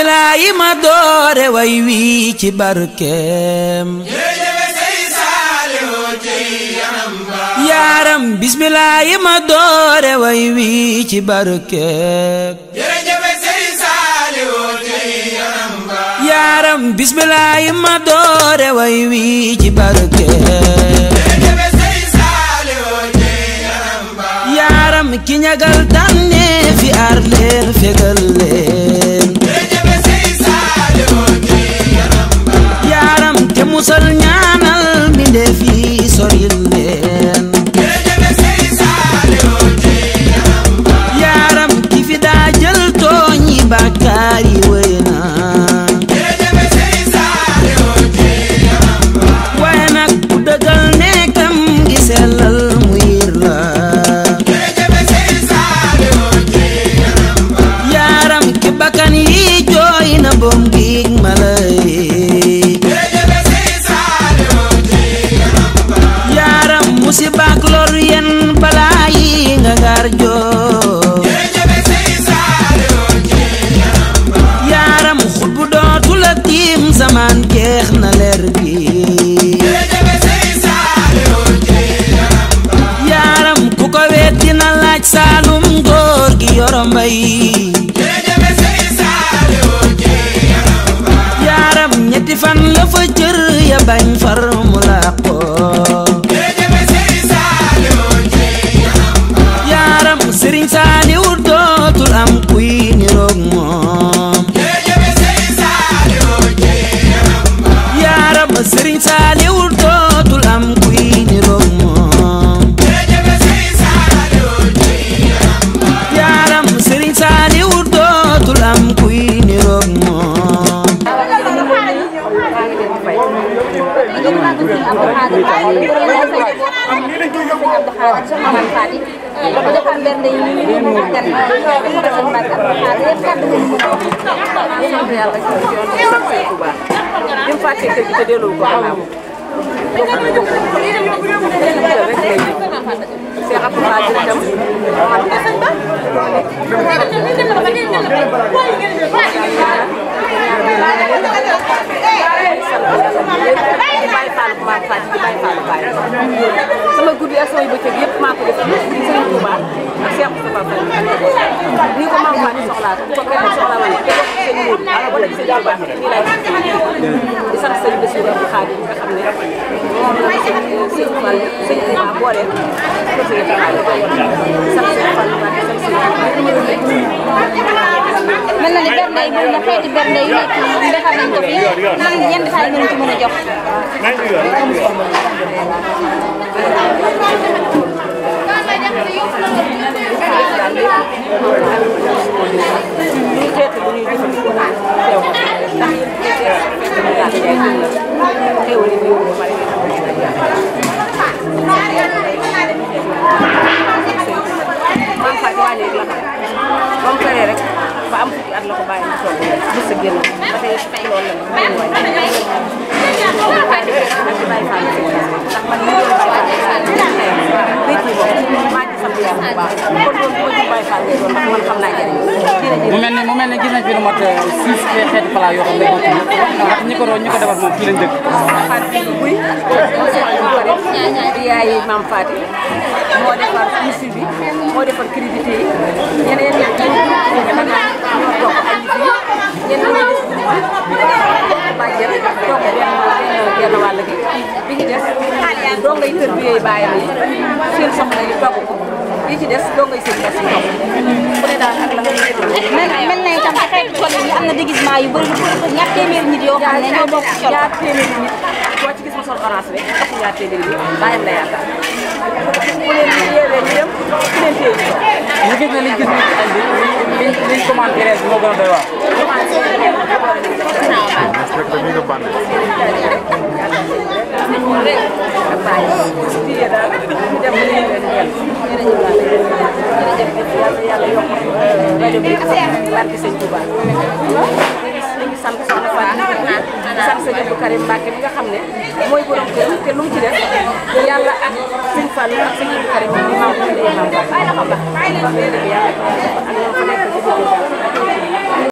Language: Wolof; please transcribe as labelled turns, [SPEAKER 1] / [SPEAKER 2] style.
[SPEAKER 1] bilaay yaaram bismilaay ma doore way wii ci barkeem yaaram bismilaay ma doore way wii ci barkeem yaaram ki ñagal tànnee fi aar leen fegal leen man jeex na leer gi yaaram ku ko weet dina laaj saalum góor gi yoro mbay yaaram ñetti fan la fa cër ya bañ far mu làqoo sëriñ saaliw dootul am kuy niroog moom Serigne Saliou dootul am kuy niroog moom. yaaram Serigne Saliou dootul am kuy niroog moom. sant yàlla bi mu fàttee kër gi te delloo ko xanaa ko. boo xam ne bokkul ko lii
[SPEAKER 2] rek lay
[SPEAKER 1] def. Cheikh Abdoulaye dina dem maanaam kese ba. sama guddi ak sama bëccëg yëpp maa ko def ci Sëriñ Tuubaa ak Cheikh Moustapha Fall ni ko Maam Fatou soxlaa ko kenn di sant sëñ Bassirou Abdou Khadre nga xam ne moom la sëñ Fall sëñ Tuubaa boole ko sëñ Fall sant sëñ Fall mel na ni bernde yi bëri na xeeti bernde yi nekk yi defar nañ ko fii nan yenn saa yi ngeen ci mën a jox mu mel ni mel ne gis nañ fi lu mat euh, six xeeti plat yoo xam ne ndax ko doon ko defar moom fii lañ dëkk. di yaay moo defar musu yi ñeneen ñi ñu doo ngay kër yooyu bàyyam yi seen soxna yi togg ko bi ci des doo ngay seen bés yi togg ne daal ak la nga tam ci xeetu sol yi am na déguisement yu bëri lu ñaar téeméeri nit yoo xam ne ñoo bokk col ñaar téeméeri nit boo ci gis ma sol orange rek ak ñaar téeméeri nit bàyyam la yaakaar ku leen yeewee ñu dem ku leen téye ñu gis ne liñ gis ni ci añ bi liñ commande moo gën a doy waar jógee ko barke sëñ Touba dañu sant soxna Fatou sant sëñ bi nga xam ne mooy borom kër te lu mu ci def yàlla ak sëñ Fall ak sëñ Abdou Karim maam ko liggéey maam ko ay la xam la yàlla ak ñoom fa nekk ci liggéey